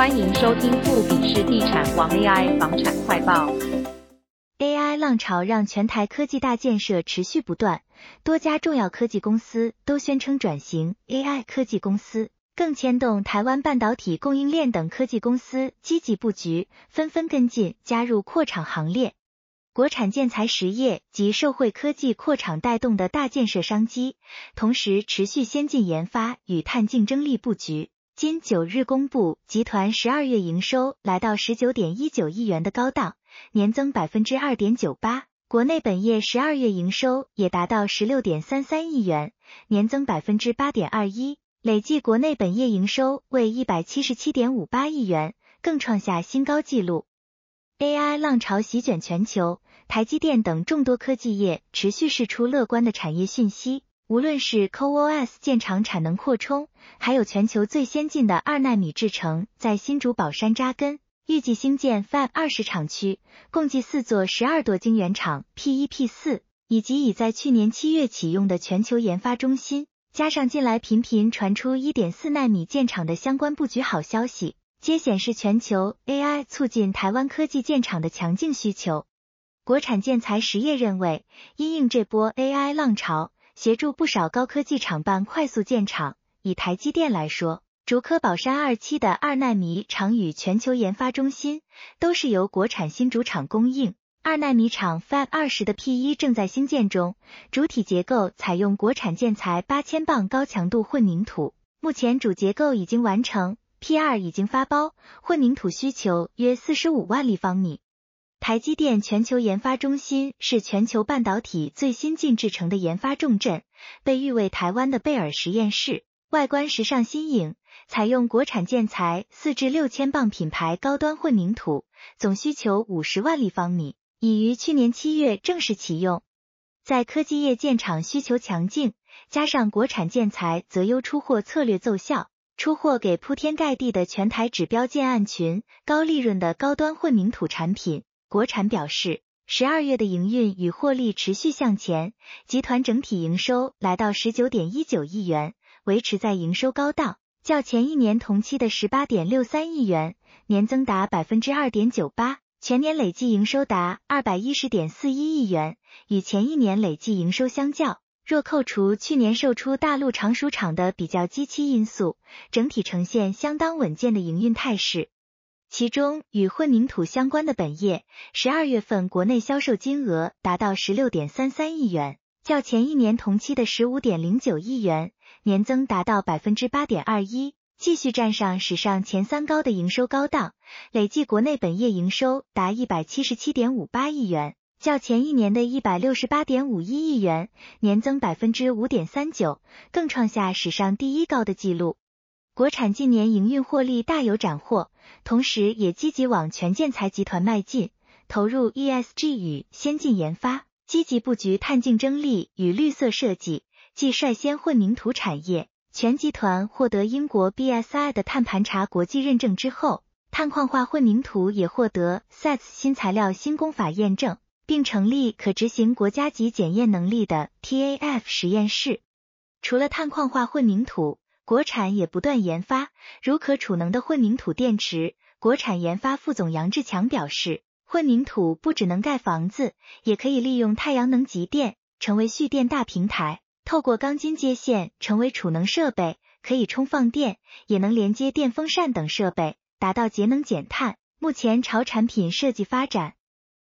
歡迎收聽富比士地產王 AI 房產快報。AI 浪潮讓全台科技大建設持續不斷，多家重要科技公司都宣稱轉型 AI 科技公司，更牽動台灣半導體供應鏈等科技公司積極布局，紛紛跟進加入擴廠行列。國產建材實業及受惠科技擴廠帶動的大建設商機，同時持續先進研發與碳競爭力布局。今九日公布，集團十二月營收來到十九點一九億元的高檔，年增百分之二點九八。國內本業十二月營收也達到十六點三三億元，年增百分之八點二一，累計國內本業營收為一百七十七點五八億元，更創下新高紀錄。AI 浪潮席捲全球，台積電等眾多科技業持續釋出樂觀的產業訊息。無論是 Coos 建廠產能擴充，還有全球最先進的二納米制程在新竹寶山扎根，預計興建 Fab 20廠區，共計四座十二座晶圓廠 P 一 P 四，P1, P4, 以及已在去年七月啟用的全球研發中心，加上近來頻頻傳出一點四納米建廠的相關佈局好消息，皆顯示全球 AI 促進台灣科技建廠的強勁需求。國產建材實業認為，因應這波 AI 浪潮。協助不少高科技廠辦快速建廠，以台積電來說，竹科寶山二期的二奈米廠與全球研發中心，都是由國產新竹廠供應。二奈米廠 Fab 20的 P1 正在興建中，主體結構採用國產建材八千磅高強度混凝土，目前主結構已經完成，P2 已經發包，混凝土需求約四十五萬立方米。台積電全球研發中心是全球半導體最新製程的研發重鎮，被譽為台灣的貝爾實驗室。外觀時尚新穎，採用國產建材四至六千磅品牌高端混凝土，總需求五十萬立方米，已於去年七月正式啟用。在科技業建廠需求強勁，加上國產建材擇優出貨策略奏效，出貨給鋪天蓋地的全台指標建案群，高利潤的高端混凝土產品。國產表示，十二月的營運與獲利持續向前，集團整體營收來到十九點一九億元，維持在營收高檔，較前一年同期的十八點六三億元，年增達百分之二點九八。全年累計營收達二百一十點四一億元，與前一年累計營收相較，若扣除去年售出大陸常熟廠的比較基期因素，整體呈現相當穩健的營運態勢。其中與混凝土相關的本業，十二月份國內銷售金額達到十六點三三億元，較前一年同期的十五點零九億元，年增達到百分之八點二一，繼續站上史上前三高的營收高檔。累計國內本業營收達一百七十七點五八億元，較前一年的一百六十八點五一億元，年增百分之五點三九，更創下史上第一高的紀錄。國產近年營運獲利大有斬獲。同時，也積極往全建材集團邁進，投入 E S G 與先進研發，積極佈局碳競爭力與綠色設計。繼率先混凝土產業，全集團獲得英國 B S I 的碳盤查國際認證之後，碳礦化混凝土也獲得 S A T S 新材料新工法驗證，並成立可執行國家級檢驗能力的 T A F 實驗室。除了碳礦化混凝土。國產也不斷研發，如可儲能的混凝土電池。國產研發副總楊志強表示，混凝土不只能蓋房子，也可以利用太陽能集電，成為蓄電大平台。透過鋼筋接線，成為儲能設備，可以充放電，也能連接電風扇等設備，達到節能減碳。目前朝產品設計發展。